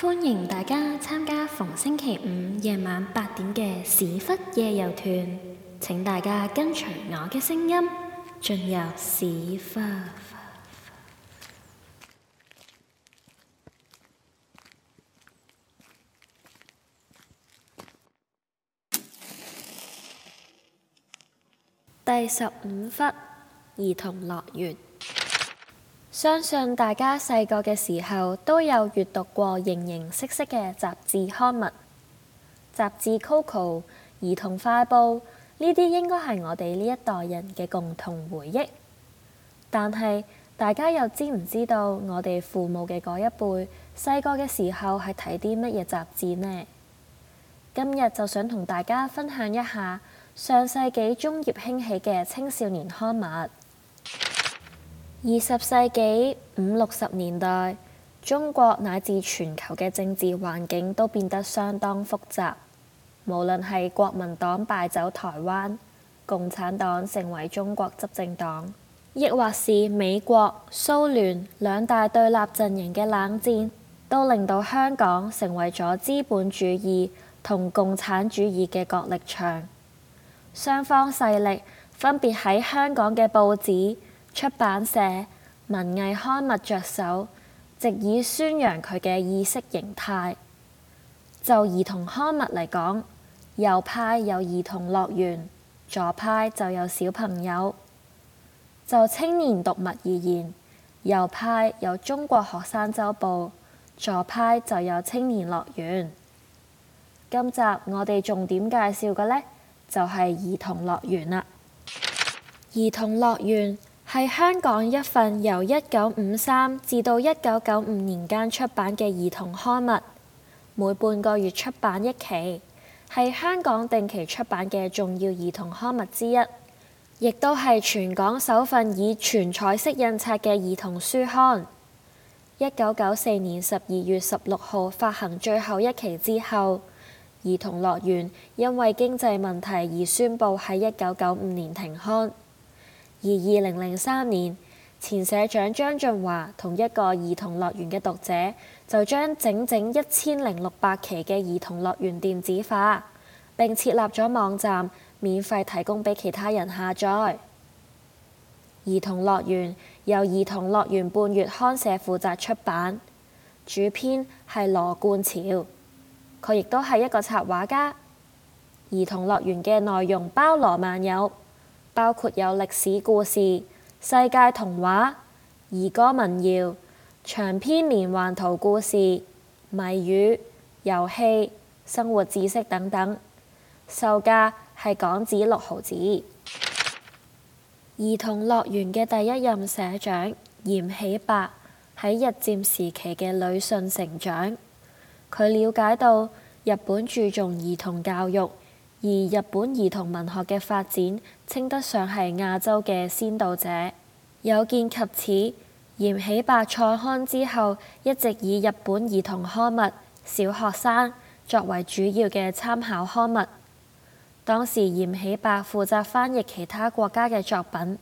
歡迎大家參加逢星期五夜晚八點嘅史窟夜遊團。請大家跟隨我嘅聲音進入史窟。第十五窟，兒童樂園。相信大家細個嘅時候都有閱讀過形形色色嘅雜誌刊物，雜誌《Coco》、兒童快報呢啲應該係我哋呢一代人嘅共同回憶。但係大家又知唔知道我哋父母嘅嗰一輩細個嘅時候係睇啲乜嘢雜誌呢？今日就想同大家分享一下上世紀中葉興起嘅青少年刊物。二十世紀五六十年代，中國乃至全球嘅政治環境都變得相當複雜。無論係國民黨敗走台灣，共產黨成為中國執政黨，抑或是美國、蘇聯兩大對立陣營嘅冷戰，都令到香港成為咗資本主義同共產主義嘅角力場。雙方勢力分別喺香港嘅報紙、出版社、文藝刊物着手，直以宣揚佢嘅意識形態。就兒童刊物嚟講，右派有兒童樂園，左派就有小朋友。就青年讀物而言，右派有中國學生周報，左派就有青年樂園。今集我哋重點介紹嘅呢，就係兒童樂園啦。兒童樂園。係香港一份由一九五三至到一九九五年間出版嘅兒童刊物，每半個月出版一期，係香港定期出版嘅重要兒童刊物之一，亦都係全港首份以全彩色印刷嘅兒童書刊。一九九四年十二月十六號發行最後一期之後，《兒童樂園》因為經濟問題而宣布喺一九九五年停刊。而二零零三年，前社長張俊華同一個兒童樂園嘅讀者就將整整一千零六百期嘅兒童樂園電子化，並設立咗網站，免費提供俾其他人下載。兒童樂園由兒童樂園半月刊社負責出版，主編係羅冠潮，佢亦都係一個插畫家。兒童樂園嘅內容包羅萬有。包括有歷史故事、世界童話、兒歌民謠、長篇連環圖故事、謎語、遊戲、生活知識等等。售價係港紙六毫子。兒童樂園嘅第一任社長嚴喜白喺日佔時期嘅女性成長，佢了解到日本注重兒童教育。而日本兒童文學嘅發展，稱得上係亞洲嘅先導者。有見及此，嚴起白創刊之後，一直以日本兒童刊物《小學生》作為主要嘅參考刊物。當時嚴起白負責翻譯其他國家嘅作品，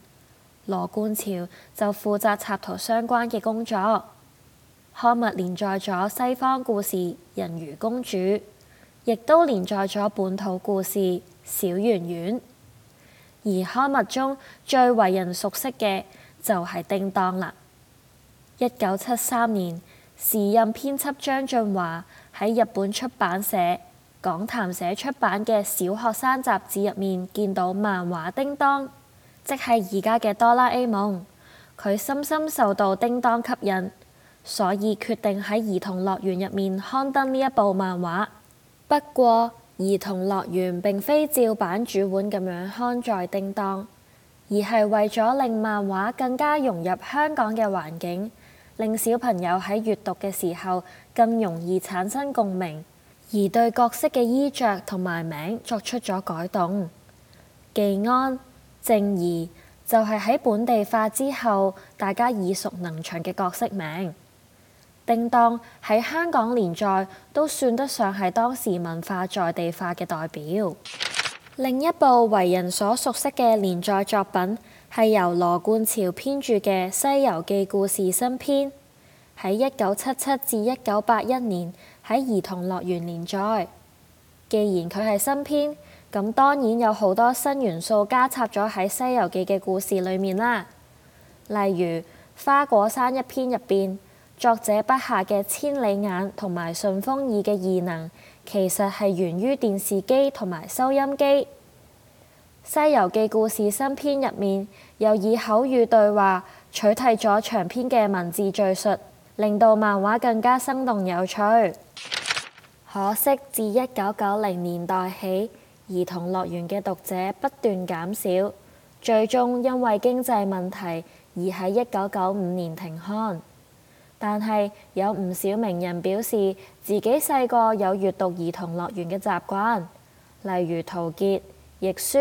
羅冠樵就負責插圖相關嘅工作。刊物連載咗西方故事《人魚公主》。亦都連載咗本土故事《小圓圓》，而刊物中最為人熟悉嘅就係叮當啦。一九七三年，時任編輯張浚華喺日本出版社講談社出版嘅小學生雜誌入面見到漫畫《叮當》，即係而家嘅哆啦 A 夢。佢深深受到叮當吸引，所以決定喺兒童樂園入面刊登呢一部漫畫。不過，兒童樂園並非照板煮碗咁樣刊載叮當，而係為咗令漫畫更加融入香港嘅環境，令小朋友喺閱讀嘅時候更容易產生共鳴，而對角色嘅衣着同埋名作出咗改動。技安、靜宜就係、是、喺本地化之後大家耳熟能詳嘅角色名。叮噹喺香港連載都算得上係當時文化在地化嘅代表。另一部為人所熟悉嘅連載作品係由羅冠樵編著嘅《西遊記故事新編》，喺一九七七至一九八一年喺兒童樂園連載。既然佢係新編，咁當然有好多新元素加插咗喺《西遊記》嘅故事裏面啦，例如花果山一篇入邊。作者筆下嘅千里眼同埋順風耳嘅異能，其實係源於電視機同埋收音機。《西遊記》故事新篇入面，又以口語對話取替咗長篇嘅文字敘述，令到漫畫更加生動有趣。可惜，自一九九零年代起，兒童樂園嘅讀者不斷減少，最終因為經濟問題而喺一九九五年停刊。但係有唔少名人表示自己細個有閲讀兒童樂園嘅習慣，例如陶傑、亦舒，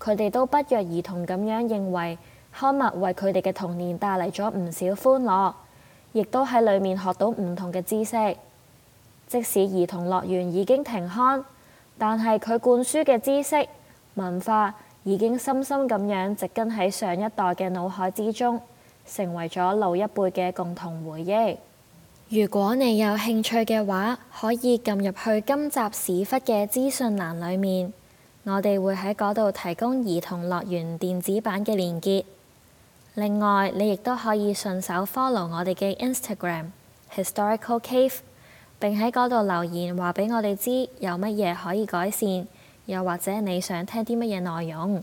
佢哋都不約而同咁樣認為刊物為佢哋嘅童年帶嚟咗唔少歡樂，亦都喺裡面學到唔同嘅知識。即使兒童樂園已經停刊，但係佢灌輸嘅知識文化已經深深咁樣植根喺上一代嘅腦海之中。成為咗老一輩嘅共同回憶。如果你有興趣嘅話，可以撳入去今集史窟嘅資訊欄裡面，我哋會喺嗰度提供兒童樂園電子版嘅連結。另外，你亦都可以順手 follow 我哋嘅 Instagram Historical Cave，並喺嗰度留言話俾我哋知有乜嘢可以改善，又或者你想聽啲乜嘢內容。